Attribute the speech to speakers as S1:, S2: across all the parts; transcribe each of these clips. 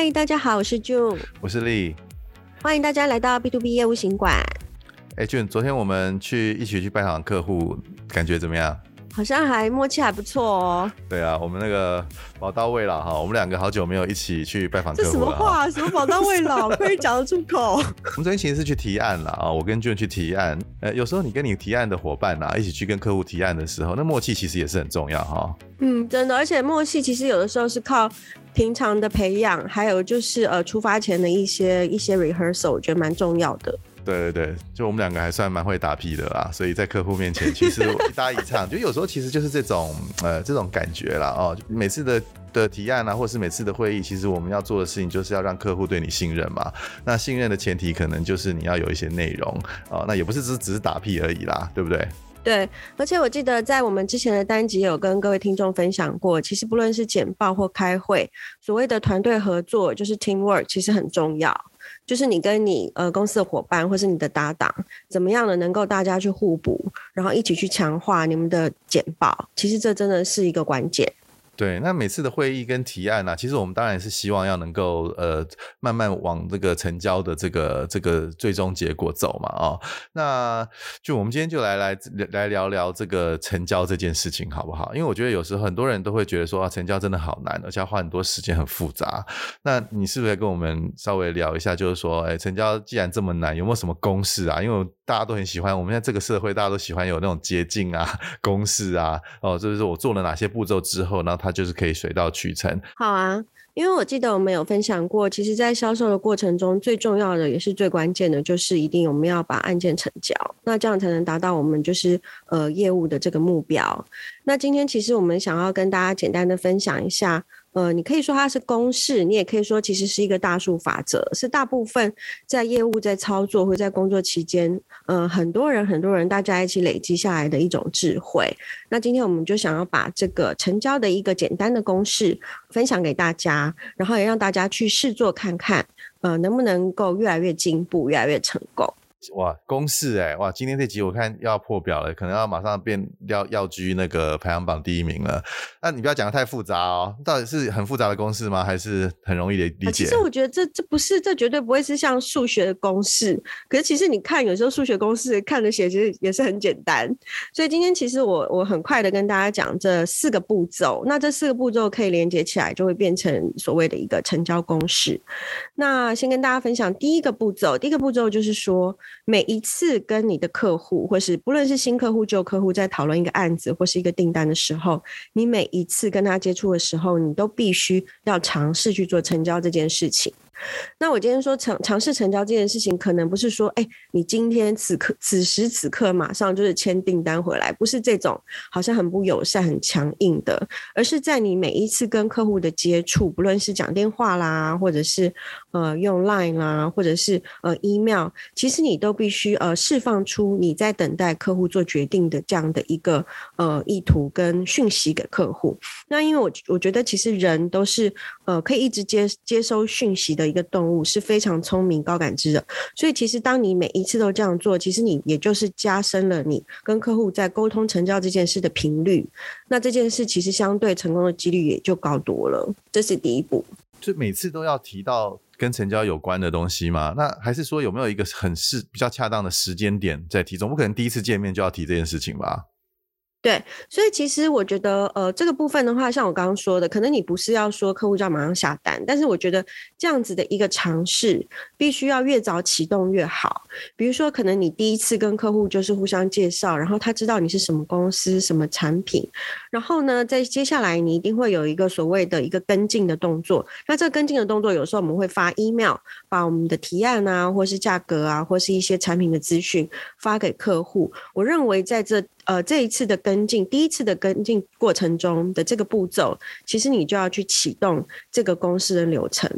S1: 歡迎大家好，我是 June，
S2: 我是 Lee。
S1: 歡迎大家來到 B to B 業務行館。
S2: 哎，June，昨天我們去一起去拜訪客戶，感覺怎麼樣？
S1: 好像還默契還不錯哦、
S2: 喔。對啊，我們那個寶刀未老哈，我們兩個好久沒有一起去拜訪客戶了。這是什麼話
S1: 啊？什麼寶刀未老？ 可以講得出口？
S2: 我們昨天其實是去提案了啊，我跟俊去提案。呃，有時候你跟你提案的夥伴啊，一起去跟客戶提案的時候，那默契其實也是很重要哈。嗯，
S1: 真的，而且默契其實有的時候是靠平常的培養，還有就是呃出發前的一些一些 rehearsal，我覺得蠻重要的。
S2: 對對對，就我們兩個還算蠻會打屁的啦，所以在客戶面前其實一搭一唱， 就有時候其實就是這種呃這種感覺啦哦。每次的的提案啊，或是每次的會議，其實我們要做的事情就是要讓客戶對你信任嘛。那信任的前提可能就是你要有一些內容、哦、那也不是只只是打屁而已啦，對不對？
S1: 對，而且我記得在我們之前的單集有跟各位聽眾分享過，其實不論是簡報或開會，所謂的團隊合作就是 teamwork，其實很重要。就是你跟你呃公司的夥伴，或是你的搭檔，怎麼樣的能夠大家去互補，然後一起去強化你們的簡報。其實這真的是一
S2: 個關鍵。對，那每次的會議跟提案啊，其實我們當然是希望要能夠呃慢慢往這個成交的這個這個最終結果走嘛啊、哦。那就我們今天就來來來聊聊這個成交這件事情好不好？因為我覺得有時候很多人都會覺得說啊，成交真的好難，而且要花很多時間，很複雜。那你是不是要跟我們稍微聊一下，就是說，哎，成交既然這麼難，有沒有什麼公式啊？因為大家都很喜歡，我們現在這個社會大家都喜歡有那種捷徑啊、公式啊，哦，就是說我做了哪些步驟之後，然後他就是可以水到渠成。
S1: 好啊，因為我記得我們有分享過，其實，在銷售的過程中，最重要的也是最關鍵的，就是一定我們要把案件成交，那這樣才能達到我們就是呃業務的這個目標。那今天其實我們想要跟大家簡單的分享一下。呃，你可以說它是公式，你也可以說其實是一個大數法則，是大部分在業務在操作或在工作期間，呃，很多人很多人大家一起累積下來的一種智慧。那今天我們就想要把這個成交的一個簡單的公式分享給大家，然後也讓大家去試做看看，呃，能不能夠越來越進步，越來越成功。
S2: 哇，公式哎、欸，哇，今天這集我看要破表了，可能要馬上變要要居那個排行榜第一名了。那、啊、你不要講得太複雜哦，到底是很複雜的公式嗎？還是很容易理理解？啊？其實我
S1: 覺得這這不是，這絕對不會是像數學的公式。可是其實你看，有時候數學公式看着寫其實也是很簡單。所以今天其實我我很快的跟大家講這四個步驟。那這四個步驟可以連接起來，就會變成所謂的一個成交公式。那先跟大家分享第一個步驟，第一個步驟就是說。每一次跟你的客戶，或是不論是新客戶、舊客戶，在討論一個案子或是一個訂單的時候，你每一次跟他接觸的時候，你都必須要嘗試去做成交這件事情。那我今天說嘗嘗試成交這件事情，可能不是說，哎、欸，你今天此刻此時此刻馬上就是簽訂單回來，不是這種好像很不友善、很強硬的，而是在你每一次跟客戶的接觸，不論是講電話啦，或者是呃用 Line 啦，或者是呃 email，其實你都必須呃釋放出你在等待客戶做決定的這樣的一個呃意圖跟訊息給客戶。那因為我我覺得，其實人都是，呃，可以一直接接收訊息的一個動物，是非常聰明、高感知的。所以，其實當你每一次都這樣做，其實你也就是加深了你跟客戶在溝通成交這件事的頻率。那這件事其實相對成功的幾率也就高多了。
S2: 這是第一步。就每次都要提到跟成交有關的東西嗎？那還是說有沒有一個很適，比較恰當的時間點在提？總不可能第一次見面就要提這件事情吧？
S1: 對，所以其實我覺得，呃，這個部分的話，像我剛剛說的，可能你不是要說客戶就要馬上下單，但是我覺得這樣子的一個嘗試，必須要越早啟動越好。比如說，可能你第一次跟客戶就是互相介紹，然後他知道你是什麼公司、什麼產品，然後呢，在接下來你一定會有一個所謂的一個跟進的動作。那這個跟進的動作，有時候我們會發 email，把我們的提案啊，或是價格啊，或是一些產品的資訊發給客戶。我認為在這。呃，這一次的跟進，第一次的跟進過程中的這個步驟，其實你就要去啟動這個公司的流程，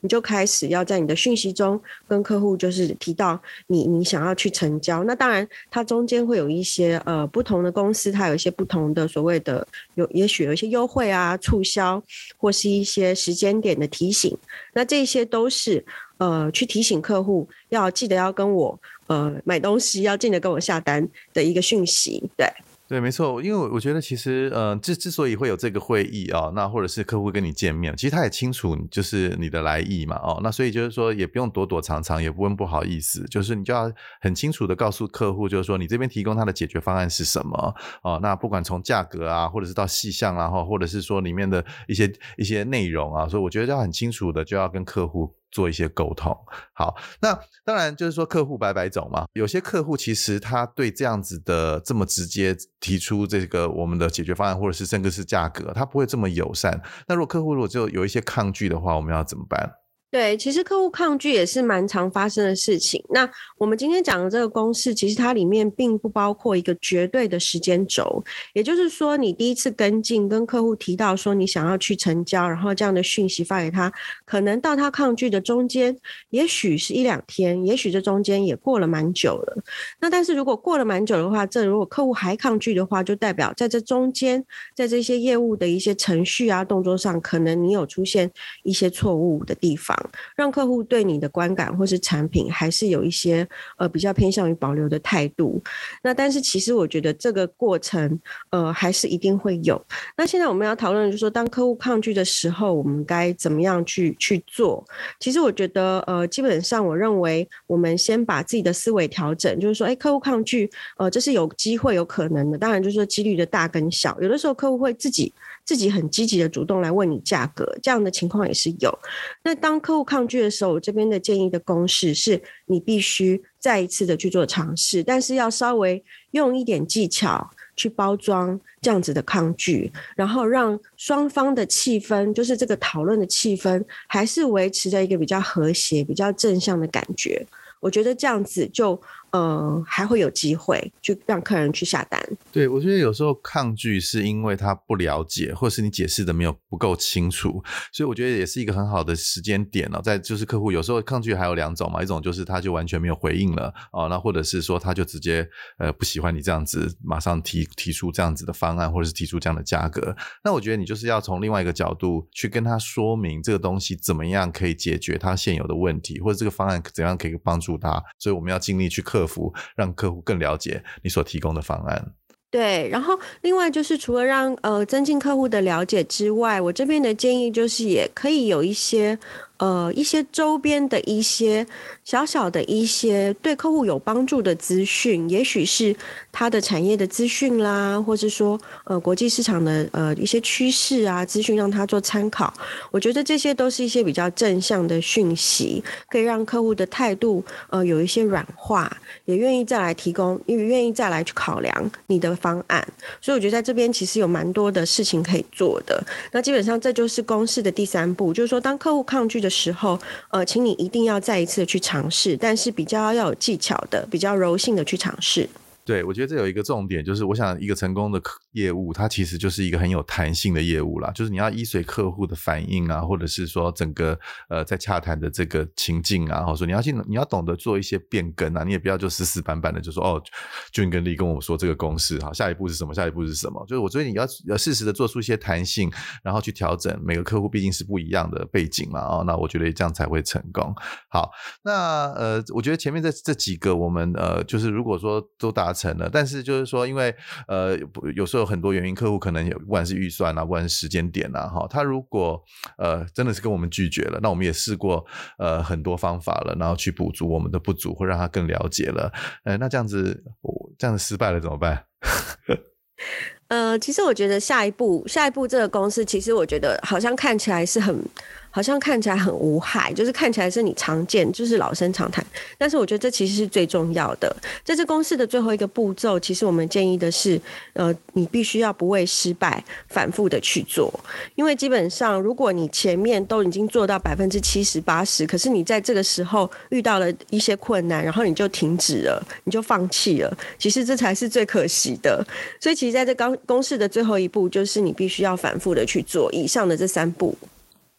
S1: 你就開始要在你的訊息中跟客戶就是提到你你想要去成交。那當然，它中間會有一些呃不同的公司，它有一些不同的所謂的有，也許有一些優惠啊、促銷，或是一些時間點的提醒。那這些都是。呃，去提醒客戶要記得要跟我呃買東西，要記得跟我下單的一個訊息，對，
S2: 對，沒錯，因為我我覺得其實呃，之之所以會有這個會議啊，那或者是客戶跟你見面，其實他也清楚就是你的來意嘛，哦，那所以就是說也不用躲躲藏藏，也不用不好意思，就是你就要很清楚的告訴客戶，就是說你這邊提供他的解決方案是什麼哦，那不管從價格啊，或者是到細項，啊，或或者是說裡面的一些一些內容啊，所以我覺得要很清楚的就要跟客戶。做一些溝通，好，那當然就是說客戶白白走嘛。有些客戶其實他對這樣子的這麼直接提出這個我們的解決方案，或者是甚至是價格，他不會這麼友善。那如果客戶如果就有一些抗拒的話，我們要怎麼辦？
S1: 對，其實客戶抗拒也是蠻常發生的事情。那我們今天講的這個公式，其實它裡面並不包括一個絕對的時間軸。也就是說，你第一次跟進跟客戶提到說你想要去成交，然後這樣的訊息發給他，可能到他抗拒的中間，也許是一兩天，也許這中間也過了蠻久了。那但是如果過了蠻久的話，這如果客戶還抗拒的話，就代表在這中間，在這些業務的一些程序啊、動作上，可能你有出現一些錯誤的地方。讓客戶對你的觀感或是產品，還是有一些呃比較偏向於保留的態度。那但是其實我覺得這個過程，呃還是一定會有。那現在我們要討論的就是說，當客戶抗拒的時候，我們該怎麼樣去去做？其實我覺得，呃，基本上我認為，我們先把自己的思維調整，就是說，誒，客戶抗拒，呃，這是有機會有可能的，當然就是說幾率的大跟小。有的時候客戶會自己。自己很積極的主動來問你價格，這樣的情況也是有。那當客戶抗拒的時候，我這邊的建議的公式是，你必須再一次的去做嘗試，但是要稍微用一點技巧去包裝這樣子的抗拒，然後讓雙方的氣氛，就是這個討論的氣氛，還是維持在一個比較和諧、比較正向的感覺。我覺得這樣子就。嗯，還會有機會就讓客人去下單。
S2: 對，我覺得有時候抗拒是因為他不了解，或是你解釋的沒有不夠清楚，所以我覺得也是一個很好的時間點哦、喔，在就是客戶有時候抗拒還有兩種嘛，一種就是他就完全沒有回應了啊、喔，那或者是說他就直接呃不喜歡你這樣子，馬上提提出這樣子的方案，或者是提出這樣的價格。那我覺得你就是要從另外一個角度去跟他說明這個東西怎麼樣可以解決他現有的問題，或者這個方案怎樣可以幫助他。所以我們要盡力去克。客服讓客戶更了解你所提供的方案，
S1: 對。然後，另外就是除了讓呃增進客戶的了解之外，我這邊的建議就是也可以有一些。呃，一些周邊的一些小小的一些對客戶有幫助的資訊，也許是他的產業的資訊啦，或是說呃國際市場的呃一些趨勢啊資訊，讓他做參考。我覺得這些都是一些比較正向的訊息，可以讓客戶的態度呃有一些軟化，也願意再來提供，因為願意再來去考量你的方案。所以我覺得在這邊其實有蠻多的事情可以做的。那基本上這就是公式的第三步，就是說當客戶抗拒的。時候，呃，請你一定要再一次的去嘗試，但是比較要有技巧的，比較柔性的去嘗試。
S2: 對，我覺得這有一個重點，就是我想一個成功的業務，它其實就是一個很有彈性的業務啦，就是你要依隨客戶的反應啊，或者是說整個呃在洽談的這個情境啊，然後說你要去你要懂得做一些變更啊，你也不要就死死板板的就說哦，俊跟麗跟我說這個公式哈，下一步是什麼，下一步是什麼，就是我覺得你要要適時的做出一些彈性，然後去調整每個客戶畢竟是不一樣的背景嘛，哦，那我覺得這樣才會成功。好，那呃，我覺得前面這這幾個我們呃，就是如果說都達成。成了，但是就是說，因為呃，有時候有很多原因，客戶可能有，不管是預算啊，不管是時間點啊，哈，他如果呃真的是跟我們拒絕了，那我們也試過呃很多方法了，然後去補足我們的不足，或讓他更了解了，呃，那這樣子、哦、這樣子失敗了怎麼辦？
S1: 呃，其實我覺得下一步下一步這個公司，其實我覺得好像看起來是很。好像看起來很無害，就是看起來是你常見，就是老生常談。但是我覺得這其實是最重要的。在這公式的最後一個步驟，其實我們建議的是，呃，你必須要不畏失敗，反覆的去做。因為基本上，如果你前面都已經做到百分之七十、八十，可是你在這個時候遇到了一些困難，然後你就停止了，你就放棄了，其實這才是最可惜的。所以，其實在這剛公式的最後一步，就是你必須要反覆的去做以上的這三步。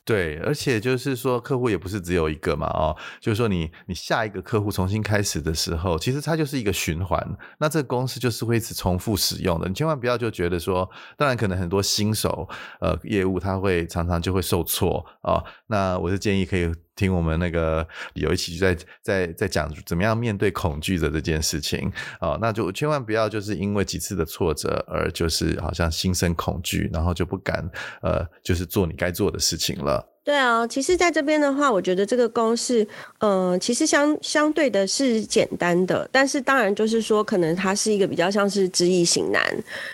S2: 對，而且就是說客戶也不是只有一個嘛，哦，就是說你你下一個客戶重新開始的時候，其實它就是一個循環，那這個公式就是會一直重複使用的，你千萬不要就覺得說，當然可能很多新手呃業務它會常常就會受挫啊、哦，那我是建議可以。聽我們那個有一期在在在講怎麼樣面對恐懼的這件事情啊、哦，那就千萬不要就是因為幾次的挫折而就是好像心生恐懼，然後就不敢呃就是做你該做的事情了。
S1: 對啊，其實在這邊的話，我覺得這個公式，嗯、呃，其實相相對的是簡單的，但是當然就是說，可能它是一個比較像是知易行難，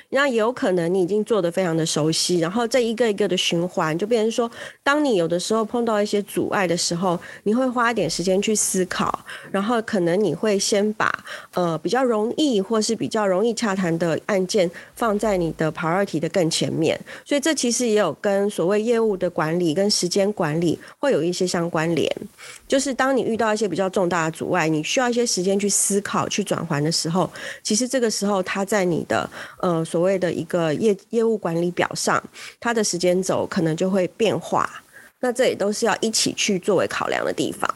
S1: 那也有可能你已經做得非常的熟悉，然後這一個一個的循環，就變成說，當你有的時候碰到一些阻礙的時候，你會花一點時間去思考，然後可能你會先把呃比較容易或是比較容易洽談的案件放在你的 priority 的更前面，所以這其實也有跟所謂業務的管理跟時間。間管理會有一些相關聯，就是當你遇到一些比較重大的阻礙，你需要一些時間去思考、去轉換的時候，其實這個時候它在你的呃所謂的一個業業務管理表上，它的時間軸可能就會變化。那這也都是要一起去作為考量的地方。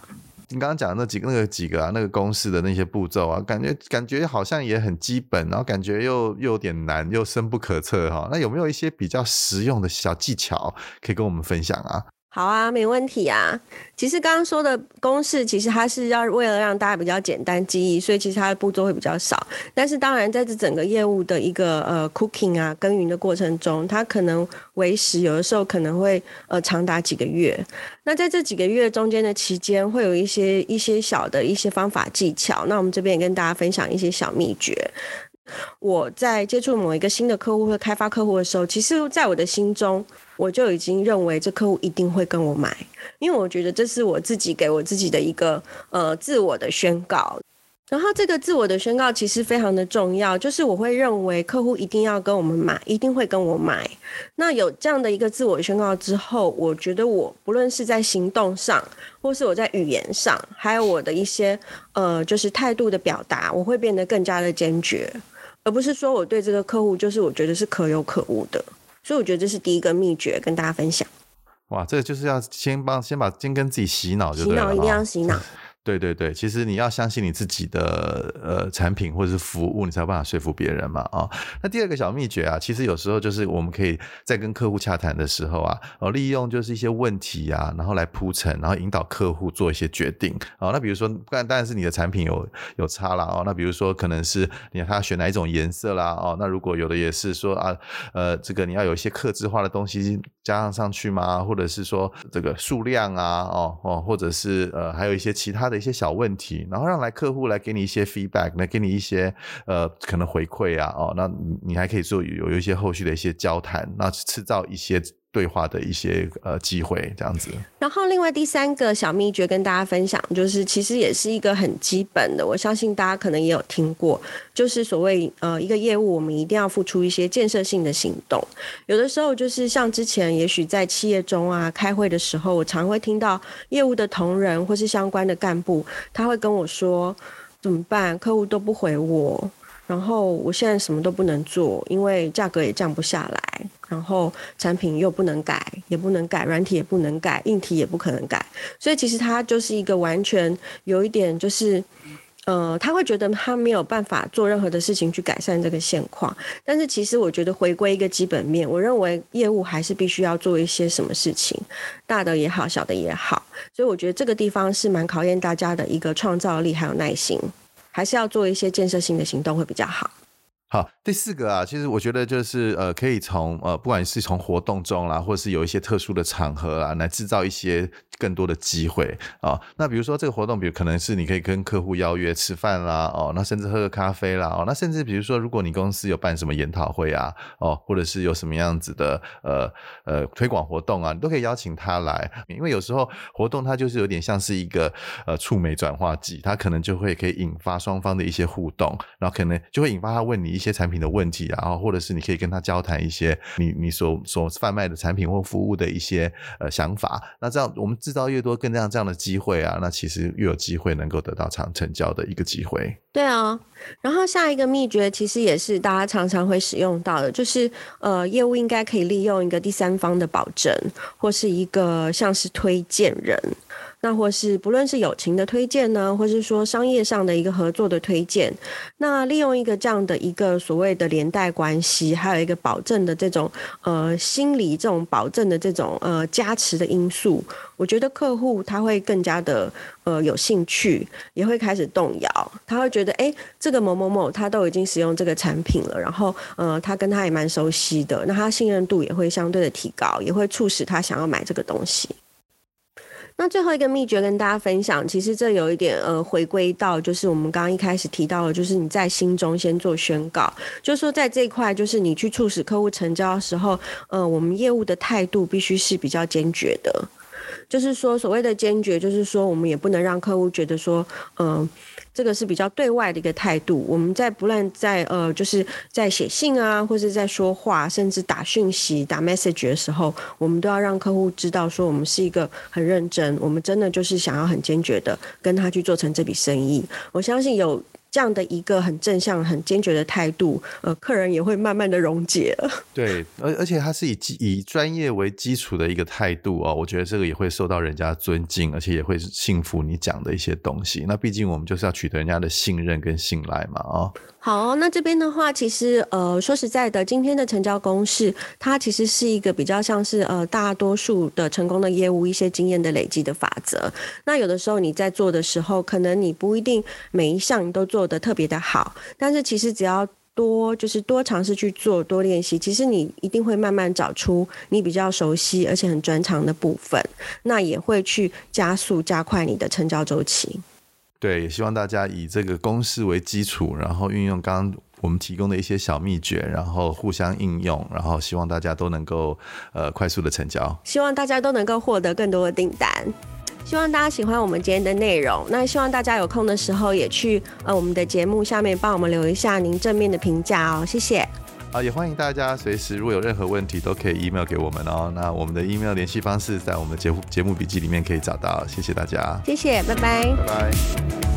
S2: 你剛剛講的那幾個那個幾個啊，那個公式的那些步驟啊，感覺感覺好像也很基本，然後感覺又又有點難，又深不可測哈、哦。那有沒有一些比較實用的小技巧可以跟我們分享啊？
S1: 好啊，沒問題啊。其實剛剛說的公式，其實它是要為了讓大家比較簡單記憶，所以其實它的步驟會比較少。但是當然，在這整個業務的一個呃 cooking 啊耕耘的過程中，它可能維持有的時候可能會呃長達幾個月。那在這幾個月中間的期間，會有一些一些小的一些方法技巧。那我們這邊也跟大家分享一些小秘訣。我在接觸某一個新的客戶或者開發客戶的時候，其實在我的心中，我就已經認為這客戶一定會跟我買，因為我覺得這是我自己給我自己的一個呃自我的宣告。然後這個自我的宣告其實非常的重要，就是我會認為客戶一定要跟我們買，一定會跟我買。那有這樣的一個自我宣告之後，我覺得我不論是在行動上，或是我在語言上，還有我的一些呃就是態度的表達，我會變得更加的堅決。而不是說我對這個客戶就是我覺得是可有可無的，所以我覺得這是第一個秘訣跟大家分享。
S2: 哇，這個就是要先幫先把先跟自己洗腦就對了，洗腦、哦、一定要洗腦。對對對，其實你要相信你自己的呃產品或者是服務，你才有辦法說服別人嘛、啊、哦。那第二個小秘訣啊，其實有時候就是我們可以在跟客戶洽談的時候啊，哦，利用就是一些問題啊，然後來鋪陳，然後引導客戶做一些決定啊、哦。那比如說，當然當然是你的產品有有差啦哦。那比如說，可能是你要他選哪一種顏色啦哦。那如果有的也是說啊，呃，這個你要有一些客製化的東西加上上去嗎？或者是說這個數量啊哦哦，或者是呃還有一些其他的。的一些小問題，然後讓來客戶來給你一些 feedback，來給你一些呃可能回饋啊，哦，那你還可以做有有一些後續的一些交談，那製造一些。對話的一些呃機會這樣子，
S1: 然後另外第三個小秘訣跟大家分享，就是其實也是一個很基本的，我相信大家可能也有聽過，就是所謂呃一個業務我們一定要付出一些建設性的行動，有的時候就是像之前也許在企業中啊開會的時候，我常會聽到業務的同仁或是相關的幹部，他會跟我說怎麼辦，客戶都不回我。然後我現在什麼都不能做，因為價格也降不下來，然後產品又不能改，也不能改，軟體也不能改，硬體也不可能改，所以其實他就是一個完全有一點就是，呃，他會覺得他沒有辦法做任何的事情去改善這個現況。但是其實我覺得回歸一個基本面，我認為業務還是必須要做一些什麼事情，大的也好，小的也好。所以我覺得這個地方是蠻考驗大家的一個創造力還有耐心。還是要做一些建設性的行動會比較好。
S2: 好，第四個啊，其實我覺得就是呃，可以從呃，不管是從活動中啦，或者是有一些特殊的場合啊，來制造一些更多的機會啊，哦，那比如說這個活動，比如可能是你可以跟客戶邀約吃飯啦，哦，那甚至喝個咖啡啦，哦，那甚至比如說，如果你公司有辦什麼研討會啊，哦，或者是有什麼樣子的呃呃推廣活動啊，你都可以邀請他來，因為有時候活動它就是有點像是一個呃觸媒轉化劑，它可能就會可以引發雙方的一些互動，然後可能就會引發他問你。一些產品的問題啊，然後或者是你可以跟他交談一些你你所所販賣的產品或服務的一些呃想法。那這樣我們製造越多，更加這樣這樣的機會啊，那其實越有機會能夠得到成成交的一個機會。
S1: 對啊，然後下一個秘訣其實也是大家常常會使用到的，就是呃業務應該可以利用一個第三方的保證，或是一個像是推薦人。那或是不論是友情的推薦呢，或是說商業上的一個合作的推薦，那利用一個這樣的一個所謂的連帶關係，還有一個保證的這種呃心理這種保證的這種呃加持的因素，我覺得客戶他會更加的呃有興趣，也會開始動搖，他會覺得誒、欸，這個某某某他都已經使用這個產品了，然後呃他跟他也蠻熟悉的，那他信任度也會相對的提高，也會促使他想要買這個東西。那最後一個秘訣跟大家分享，其實這有一點呃，回歸到就是我們剛剛一開始提到的，就是你在心中先做宣告，就說在這一塊，就是你去促使客戶成交的時候，呃，我們業務的態度必須是比較堅決的，就是說所謂的堅決，就是說我們也不能讓客戶覺得說，嗯、呃。這個是比較對外的一個態度。我們在不論在呃，就是在寫信啊，或者在說話，甚至打訊息、打 message 的時候，我們都要讓客戶知道說，我們是一個很認真，我們真的就是想要很堅決的跟他去做成這筆生意。我相信有。這樣的一個很正向、很堅決的態度，呃，客人也會慢慢的溶解。
S2: 對，而而且他是以以專業為基礎的一個態度哦，我覺得這個也會受到人家尊敬，而且也會信服你講的一些東西。那畢竟我們就是要取得人家的信任跟信賴嘛、哦，啊。
S1: 好哦，那這邊的話，其實呃，說實在的，今天的成交公式，它其實是一個比較像是呃，大多數的成功的業務一些經驗的累積的法則。那有的時候你在做的時候，可能你不一定每一項你都做得特別的好，但是其實只要多就是多嘗試去做，多練習，其實你一定會慢慢找出你比較熟悉而且很專長的部分，那也會去加速加快你的成交週期。
S2: 對，也希望大家以這個公式為基礎，然後運用剛剛我們提供的一些小秘訣，然後互相應用，然後希望大家都能夠呃快速的成交。
S1: 希望大家都能夠獲得更多的訂單，希望大家喜歡我們今天的內容。那希望大家有空的時候也去呃我們的節目下面幫我們留一下您正面的評價哦，謝謝。
S2: 啊，也歡迎大家隨時如果有任何問題都可以 email 給我們哦。那我們的 email 聯繫方式在我們的節節目筆記裡面可以找到。謝謝大家，
S1: 謝謝，拜拜，拜
S2: 拜。